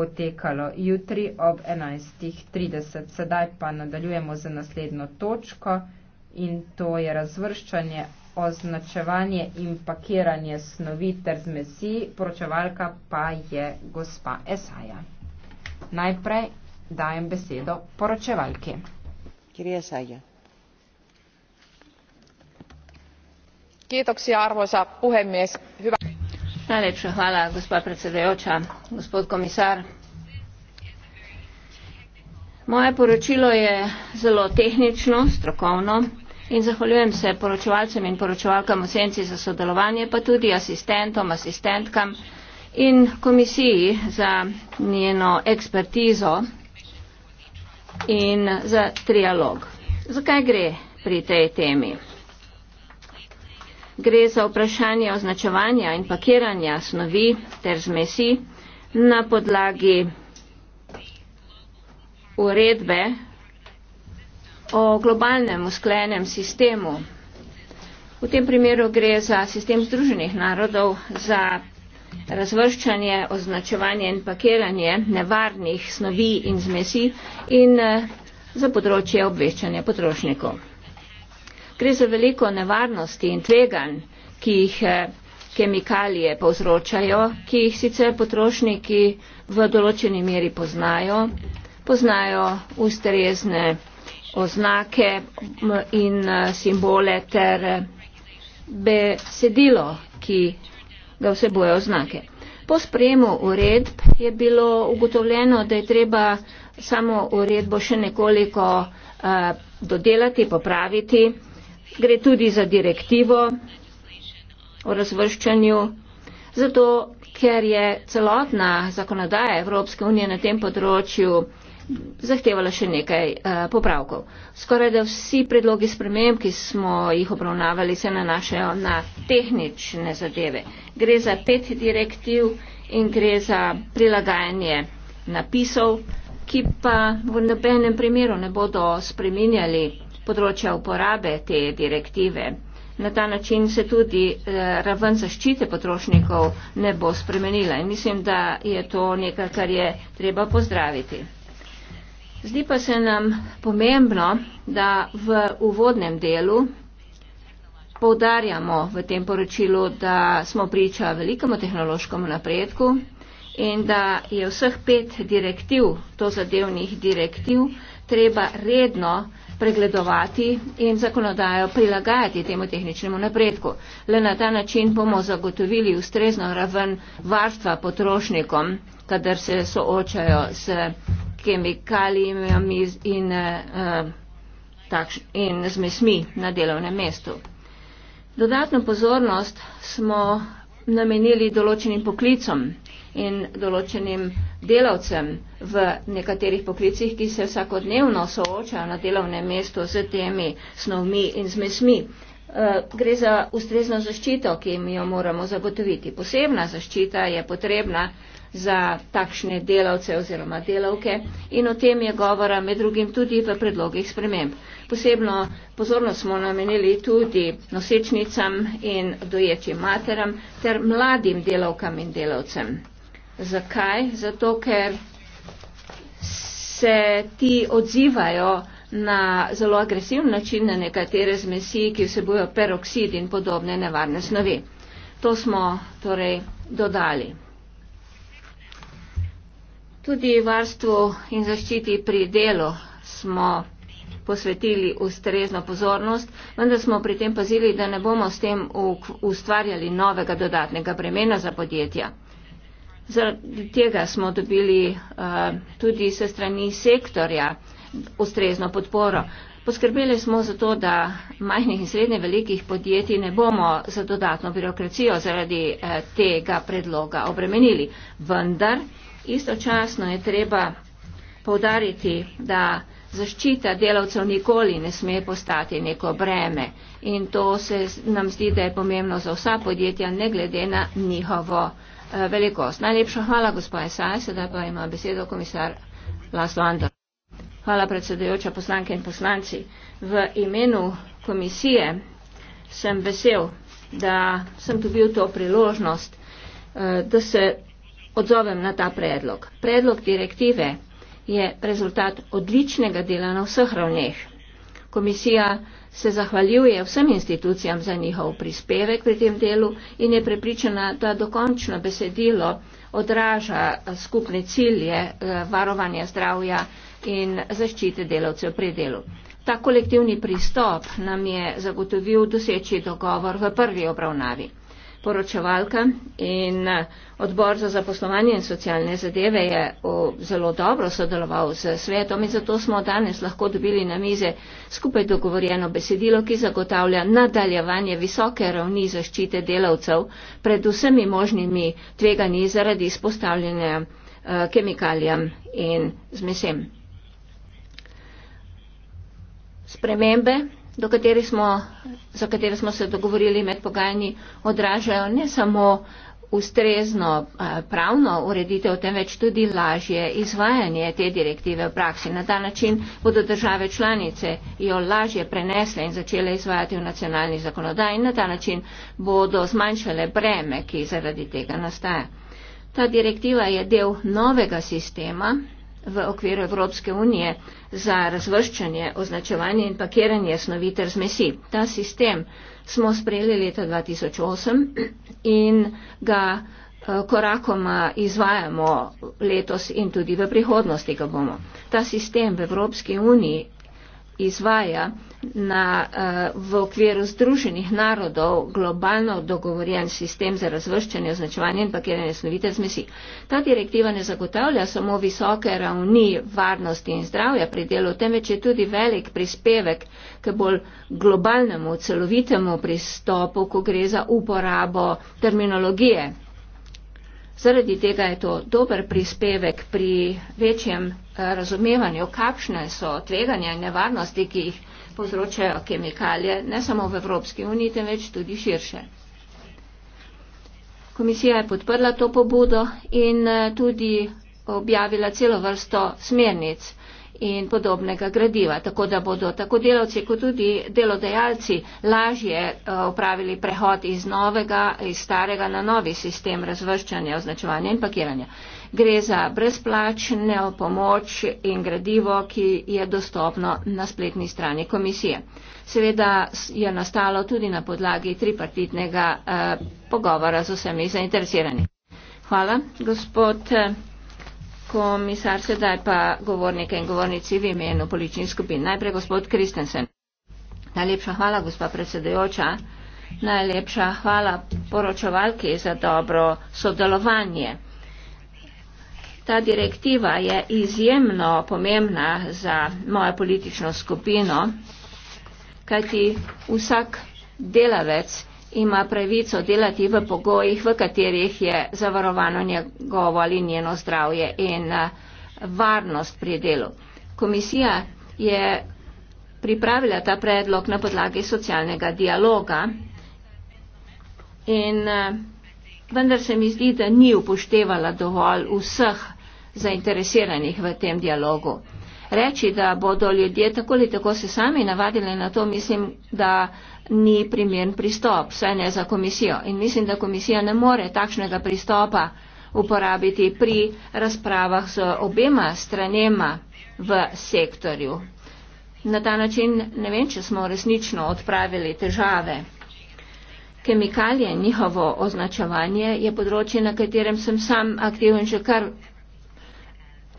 potekalo jutri ob 11.30. Sedaj pa nadaljujemo z naslednjo točko in to je razvrščanje, označevanje in pakiranje snovi ter zmesi, poročevalka pa je gospa Esaja. Najprej dajem besedo poročevalki. Kjer je Esaja? Kiitoksia arvoisa puhemies. Hyvä. Najlepša hvala, gospa predsedajoča, gospod komisar. Moje poročilo je zelo tehnično, strokovno in zahvaljujem se poročevalcem in poročevalkam v senci za sodelovanje, pa tudi asistentom, asistentkam in komisiji za njeno ekspertizo in za trialog. Zakaj gre pri tej temi? gre za vprašanje označevanja in pakiranja snovi ter zmesi na podlagi uredbe o globalnem usklenem sistemu. V tem primeru gre za sistem Združenih narodov za razvrščanje, označevanje in pakiranje nevarnih snovi in zmesi in eh, za področje obveščanja potrošnikov. Gre za veliko nevarnosti in tveganj, ki jih eh, kemikalije povzročajo, ki jih sicer potrošniki v določeni meri poznajo, poznajo ustrezne oznake in eh, simbole ter eh, besedilo, ki ga vsebuje oznake. Po spremu uredb je bilo ugotovljeno, da je treba samo uredbo še nekoliko uh, dodelati, popraviti gre tudi za direktivo o razvrščanju, zato ker je celotna zakonodaja Evropske unije na tem področju zahtevala še nekaj eh, popravkov. Skoraj da vsi predlogi sprememb, ki smo jih obravnavali, se nanašajo na tehnične zadeve. Gre za pet direktiv in gre za prilagajanje napisov, ki pa v nobenem primeru ne bodo spreminjali področja uporabe te direktive. Na ta način se tudi eh, raven zaščite potrošnikov ne bo spremenila in mislim, da je to nekaj, kar je treba pozdraviti. Zdi pa se nam pomembno, da v uvodnem delu poudarjamo v tem poročilu, da smo priča velikemu tehnološkemu napredku in da je vseh pet direktiv, to zadevnih direktiv, treba redno pregledovati in zakonodajo prilagajati temu tehničnemu napredku. Le na ta način bomo zagotovili ustrezno raven varstva potrošnikom, kadar se soočajo s kemikalijami in, eh, in zmesmi na delovnem mestu. Dodatno pozornost smo namenili določenim poklicom in določenim delavcem v nekaterih poklicih, ki se vsakodnevno soočajo na delovnem mestu z temi snovmi in zmesmi. Eh, gre za ustrezno zaščito, ki jim jo moramo zagotoviti. Posebna zaščita je potrebna za takšne delavce oziroma delavke in o tem je govora med drugim tudi v predlogih sprememb. Posebno pozornost smo namenili tudi nosečnicam in doječim materam ter mladim delavkam in delavcem. Zakaj? Zato, ker se ti odzivajo na zelo agresiv način na nekatere zmesi, ki vsebujo peroksid in podobne nevarne snovi. To smo torej dodali. Tudi varstvu in zaščiti pri delu smo posvetili ustrezno pozornost, vendar smo pri tem pazili, da ne bomo s tem ustvarjali novega dodatnega bremena za podjetja. Zaradi tega smo dobili uh, tudi se strani sektorja ustrezno podporo. Poskrbeli smo za to, da majhnih in srednje velikih podjetij ne bomo za dodatno birokracijo zaradi eh, tega predloga obremenili. Vendar Istočasno je treba povdariti, da zaščita delavcev nikoli ne sme postati neko breme in to se nam zdi, da je pomembno za vsa podjetja, ne glede na njihovo eh, velikost. Najlepša hvala, gospod Esaj, sedaj pa ima besedo komisar Laslo Andor. Hvala, predsedujoča poslanke in poslanci. V imenu komisije sem vesel, da sem dobil to priložnost, eh, da se odzovem na ta predlog. Predlog direktive je rezultat odličnega dela na vseh ravneh. Komisija se zahvaljuje vsem institucijam za njihov prispevek pri tem delu in je prepričana, da dokončno besedilo odraža skupne cilje eh, varovanja zdravja in zaščite delavcev pri delu. Ta kolektivni pristop nam je zagotovil doseči dogovor v prvi obravnavi poročevalka in eh, odbor za zaposlovanje in socialne zadeve je zelo dobro sodeloval z svetom in zato smo danes lahko dobili na mize skupaj dogovorjeno besedilo, ki zagotavlja nadaljevanje visoke ravni zaščite delavcev pred vsemi možnimi tveganji zaradi izpostavljanja eh, kemikalijam in zmesem. Spremembe do katere smo, za katere smo se dogovorili med pogajanji, odražajo ne samo ustrezno eh, pravno ureditev, temveč tudi lažje izvajanje te direktive v praksi. Na ta način bodo države članice jo lažje prenesle in začele izvajati v nacionalni zakonodaj in na ta način bodo zmanjšale breme, ki zaradi tega nastaja. Ta direktiva je del novega sistema, v okviru Evropske unije za razvrščanje, označevanje in pakiranje snovi ter zmesi. Ta sistem smo sprejeli leta 2008 in ga eh, korakoma izvajamo letos in tudi v prihodnosti ga bomo. Ta sistem v Evropski uniji izvaja na, eh, v okviru Združenih narodov globalno dogovorjen sistem za razvrščanje, označevanje in pakiranje snovite zmesi. Ta direktiva ne zagotavlja samo visoke ravni varnosti in zdravja pri delu, temveč je tudi velik prispevek k bolj globalnemu, celovitemu pristopu, ko gre za uporabo terminologije. Zaradi tega je to dober prispevek pri večjem eh, razumevanju, kakšne so tveganja in nevarnosti, ki jih povzročajo kemikalije ne samo v Evropski uniji, temveč tudi širše. Komisija je podprla to pobudo in eh, tudi objavila celo vrsto smernic in podobnega gradiva, tako da bodo tako delavci kot tudi delodajalci lažje upravili eh, prehod iz novega, iz starega na novi sistem razvrščanja, označevanja in pakiranja. Gre za brezplačne pomoč in gradivo, ki je dostopno na spletni strani komisije. Seveda je nastalo tudi na podlagi tripartitnega eh, pogovora z vsemi zainteresiranimi. Hvala, gospod. Eh, komisar, sedaj pa govornike in govornici v imenu politični skupin. Najprej gospod Kristensen. Najlepša hvala, gospa predsedujoča. Najlepša hvala poročevalki za dobro sodelovanje. Ta direktiva je izjemno pomembna za mojo politično skupino, kajti vsak delavec ima pravico delati v pogojih, v katerih je zavarovano njegovo ali njeno zdravje in eh, varnost pri delu. Komisija je pripravila ta predlog na podlagi socialnega dialoga in eh, vendar se mi zdi, da ni upoštevala dovolj vseh zainteresiranih v tem dialogu reči, da bodo ljudje tako ali tako se sami navadili na to, mislim, da ni primern pristop, vse ne za komisijo. In mislim, da komisija ne more takšnega pristopa uporabiti pri razpravah z obema stranema v sektorju. Na ta način ne vem, če smo resnično odpravili težave. Kemikalije, njihovo označevanje je področje, na katerem sem sam aktiven že kar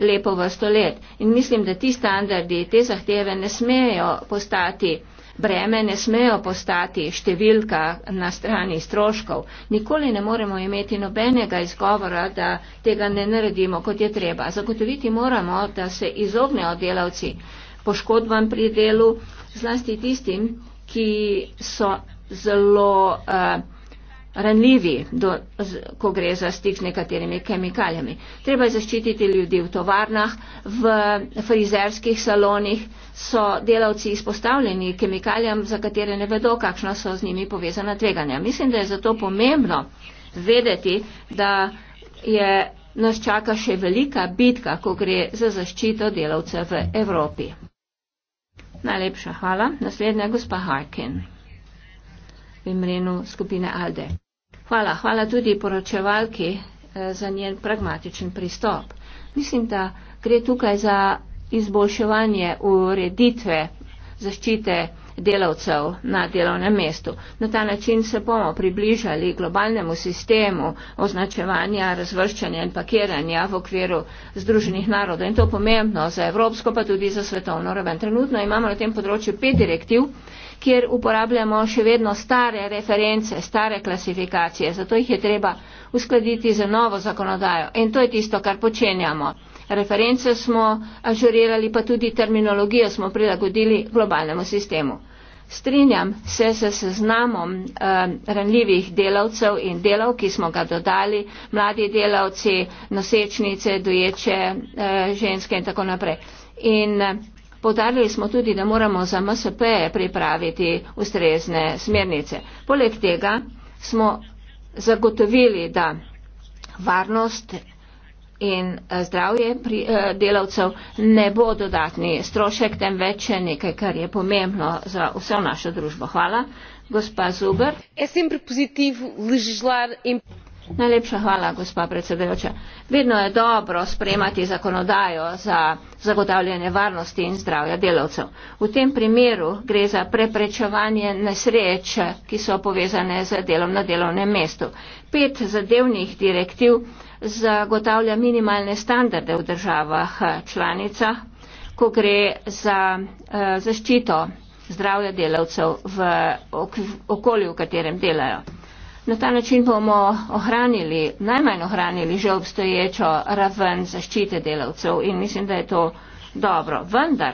lepo vrsto let. In mislim, da ti standardi, te zahteve ne smejo postati breme, ne smejo postati številka na strani stroškov. Nikoli ne moremo imeti nobenega izgovora, da tega ne naredimo, kot je treba. Zagotoviti moramo, da se izognejo delavci poškodbam pri delu, zlasti tistim, ki so zelo. Uh, ranljivi, do, z, ko gre za stik z nekaterimi kemikalijami. Treba je zaščititi ljudi v tovarnah, v frizerskih salonih so delavci izpostavljeni kemikalijam, za katere ne vedo, kakšna so z njimi povezana tveganja. Mislim, da je zato pomembno vedeti, da je, nas čaka še velika bitka, ko gre za zaščito delavce v Evropi. Najlepša hvala. Naslednja gospa Harkin v imenu skupine Alde. Hvala, hvala tudi poročevalki eh, za njen pragmatičen pristop. Mislim, da gre tukaj za izboljševanje ureditve zaščite delavcev na delovnem mestu. Na ta način se bomo približali globalnemu sistemu označevanja, razvrščanja in pakiranja v okviru Združenih narodov. In to je pomembno za evropsko, pa tudi za svetovno raven. Trenutno imamo na tem področju pet direktiv, kjer uporabljamo še vedno stare reference, stare klasifikacije. Zato jih je treba uskladiti za novo zakonodajo. In to je tisto, kar počenjamo. Reference smo ažurirali, pa tudi terminologijo smo prilagodili globalnemu sistemu. Strinjam se se seznamom eh, ranljivih delavcev in delav, ki smo ga dodali, mladi delavci, nosečnice, doječe, eh, ženske in tako naprej. In eh, Povdarili smo tudi, da moramo za MSP pripraviti ustrezne smernice. Poleg tega smo zagotovili, da varnost in eh, zdravje pri, eh, delavcev ne bo dodatni strošek, temveč je nekaj, kar je pomembno za vso našo družbo. Hvala. Gospa Zuber. Najlepša hvala, gospa predsedajoča. Vedno je dobro spremati zakonodajo za zagotavljanje varnosti in zdravja delavcev. V tem primeru gre za preprečevanje nesreč, ki so povezane z delom na delovnem mestu. Pet zadevnih direktiv zagotavlja minimalne standarde v državah eh, članicah, ko gre za eh, zaščito zdravja delavcev v okolju, v katerem delajo. Na ta način bomo ohranili, najmanj ohranili že obstoječo raven zaščite delavcev in mislim, da je to dobro. Vendar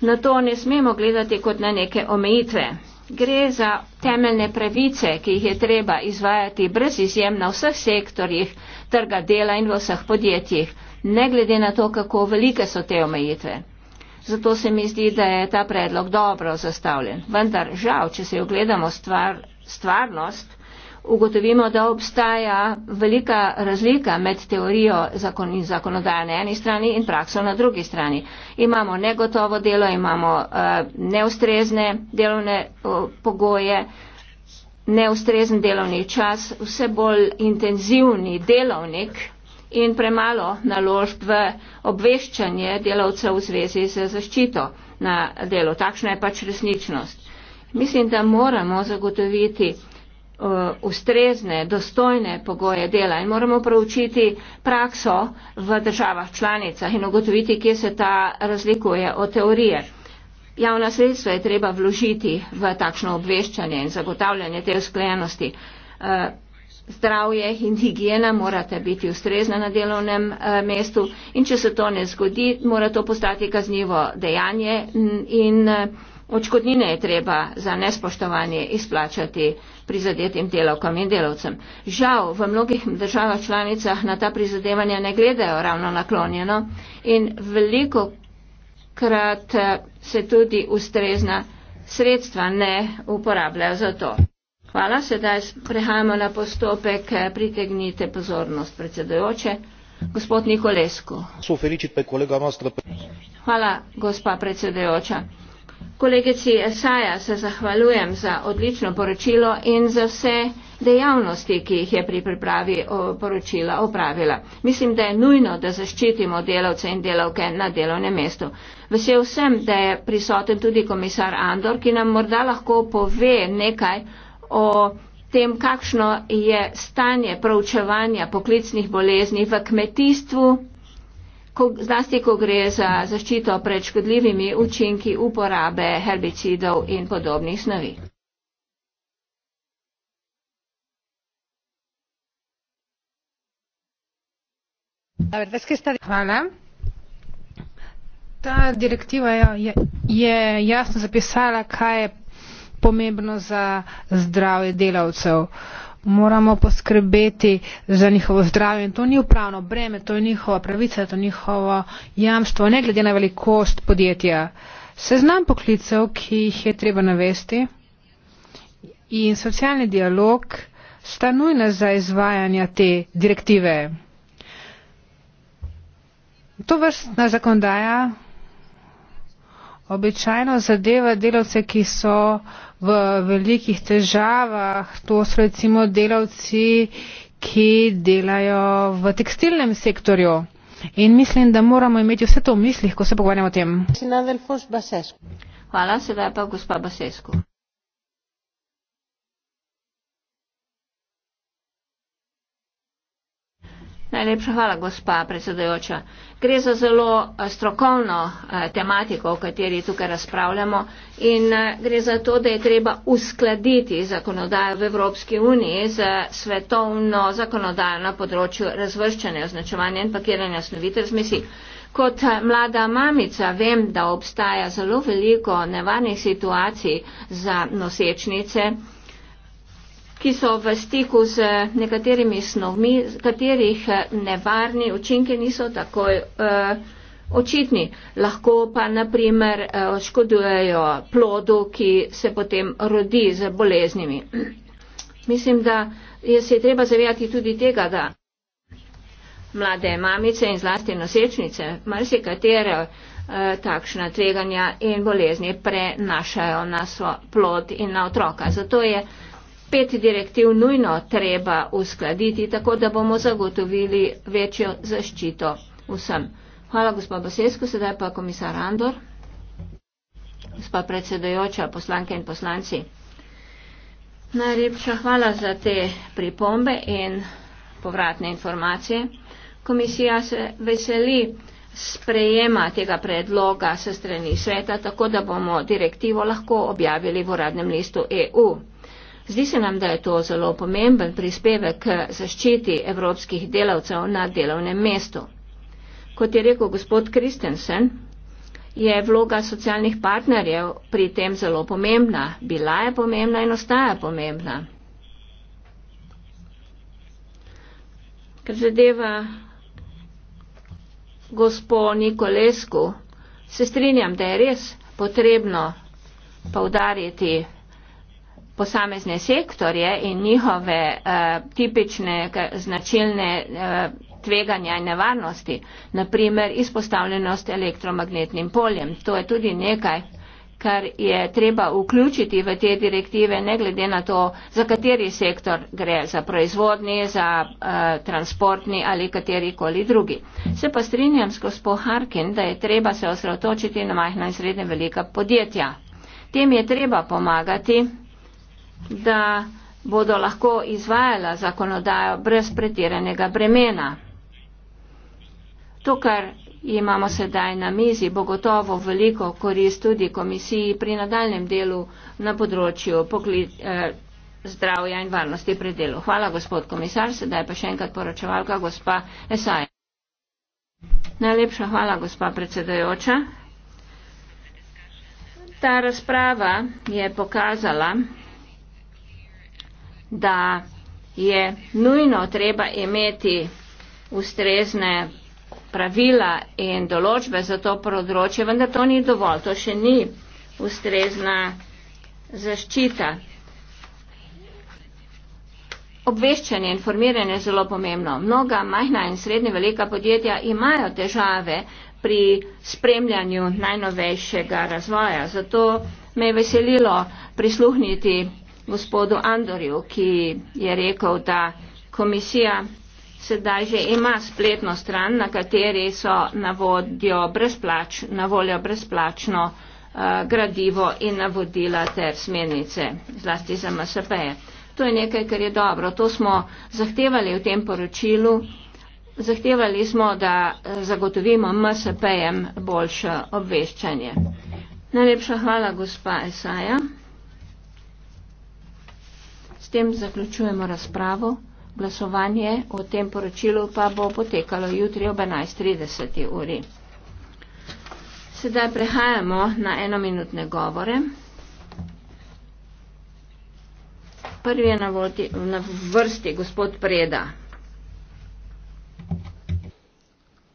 na to ne smemo gledati kot na neke omejitve. Gre za temeljne pravice, ki jih je treba izvajati brez izjem na vseh sektorjih trga dela in v vseh podjetjih, ne glede na to, kako velike so te omejitve. Zato se mi zdi, da je ta predlog dobro zastavljen. Vendar žal, če se ogledamo stvar stvarnost, ugotovimo, da obstaja velika razlika med teorijo zakon in zakonodaje na eni strani in prakso na drugi strani. Imamo negotovo delo, imamo uh, neustrezne delovne uh, pogoje, neustrezen delovni čas, vse bolj intenzivni delovnik in premalo naložb v obveščanje delavcev v zvezi z zaščito na delo. Takšna je pač resničnost. Mislim, da moramo zagotoviti uh, ustrezne, dostojne pogoje dela in moramo proučiti prakso v državah članicah in ugotoviti, kje se ta razlikuje od teorije. Javna sredstva je treba vložiti v takšno obveščanje in zagotavljanje te usklajenosti. Uh, zdravje in higiena morate biti ustrezna na delovnem uh, mestu in če se to ne zgodi, mora to postati kaznivo dejanje in Očkodnine je treba za nespoštovanje izplačati prizadetim delavkam in delavcem. Žal v mnogih državah članicah na ta prizadevanja ne gledajo ravno naklonjeno in veliko krat eh, se tudi ustrezna sredstva ne uporabljajo za to. Hvala, sedaj prehajamo na postopek, eh, pritegnite pozornost predsedojoče. Gospod Nikolesko. Hvala, gospa predsedojoča. Kolegici Saja se zahvaljujem za odlično poročilo in za vse dejavnosti, ki jih je pri pripravi poročila opravila. Mislim, da je nujno, da zaščitimo delavce in delavke na delovnem mestu. Vesel sem, da je prisoten tudi komisar Andor, ki nam morda lahko pove nekaj o tem, kakšno je stanje proučevanja poklicnih bolezni v kmetijstvu ko, zlasti, ko gre za zaščito pred škodljivimi učinki uporabe herbicidov in podobnih snovi. Hvala. Ta direktiva je, je jasno zapisala, kaj je pomembno za zdravje delavcev. Uh, moramo poskrbeti za njihovo zdravje in to ni upravno breme, to je njihova pravica, to je njihovo jamstvo, ne glede na velikost podjetja. Seznam poklicev, ki jih je treba navesti in socialni dialog sta nujna za izvajanje te direktive. To vrstna zakonodaja običajno zadeva delavce, ki so v velikih težavah. To so recimo delavci, ki delajo v tekstilnem sektorju. In mislim, da moramo imeti vse to v mislih, ko se pogovarjamo o tem. Hvala, sedaj pa gospa Basesko. Najlepša hvala, gospa predsedajoča. Gre za zelo eh, strokovno eh, tematiko, o kateri tukaj razpravljamo in eh, gre za to, da je treba uskladiti zakonodajo v Evropski uniji z svetovno zakonodajo na področju razvrščanja, označevanja in pakiranja snovite zmesi. Kot mlada mamica vem, da obstaja zelo veliko nevarnih situacij za nosečnice ki so v stiku z nekaterimi snovmi, katerih eh, nevarni učinki niso takoj uh, očitni. Lahko pa naprimer uh, eh, škodujejo plodu, ki se potem rodi z boleznimi. Mislim, da je se treba zavijati tudi tega, da mlade mamice in zlasti nosečnice, marsikatere takšna tveganja in bolezni prenašajo na svoj plod in na otroka. Zato je uh, pet direktiv nujno treba uskladiti, tako da bomo zagotovili večjo zaščito vsem. Hvala, gospod Bosesko, sedaj pa komisar Andor. Gospa predsedojoča, poslanke in poslanci. Najlepša hvala za te pripombe in povratne informacije. Komisija se veseli sprejema tega predloga se strani sveta, tako da bomo direktivo lahko objavili v uradnem listu EU. Zdi se nam, da je to zelo pomemben prispevek k zaščiti evropskih delavcev na delovnem mestu. Kot je rekel gospod Kristensen, je vloga socialnih partnerjev pri tem zelo pomembna. Bila je pomembna in ostaja pomembna. Ker zadeva gospo Nikolesku, se strinjam, da je res potrebno poudariti posamezne sektorje in njihove uh, tipične značilne uh, tveganja in nevarnosti, naprimer izpostavljenost elektromagnetnim poljem. To je tudi nekaj, kar je treba vključiti v te direktive, ne glede na to, za kateri sektor gre, za proizvodni, za uh, transportni ali katerikoli drugi. Se pa strinjam s gospod Harkin, da je treba se osredotočiti na majhna in srednje velika podjetja. Tem je treba pomagati, da bodo lahko izvajala zakonodajo brez pretiranega bremena. To, kar imamo sedaj na mizi, bo gotovo veliko korist tudi komisiji pri nadaljem delu na področju poklic, eh, zdravja in varnosti pri delu. Hvala, gospod komisar. Sedaj pa še enkrat poročevalka, gospa Esaj. Najlepša hvala, gospa predsedajoča. Ta razprava je pokazala, da je nujno treba imeti ustrezne pravila in določbe za to področje, vendar to ni dovolj, to še ni ustrezna zaščita. Obveščanje, informiranje je zelo pomembno. Mnoga majhna in srednje velika podjetja imajo težave pri spremljanju najnovejšega razvoja. Zato me je veselilo prisluhniti gospodu Andorju, ki je rekel, da komisija sedaj že ima spletno stran, na kateri so na voljo brezplač, brezplačno uh, gradivo in navodila ter smernice, zlasti za MSP. -je. To je nekaj, kar je dobro. To smo zahtevali v tem poročilu. Zahtevali smo, da eh, zagotovimo MSP-jem boljše obveščanje. Najlepša hvala, gospa Esaja tem zaključujemo razpravo. Glasovanje o tem poročilu pa bo potekalo jutri ob 11.30 uri. Sedaj prehajamo na enominutne govore. Prvi je na, voti, na vrsti gospod Preda.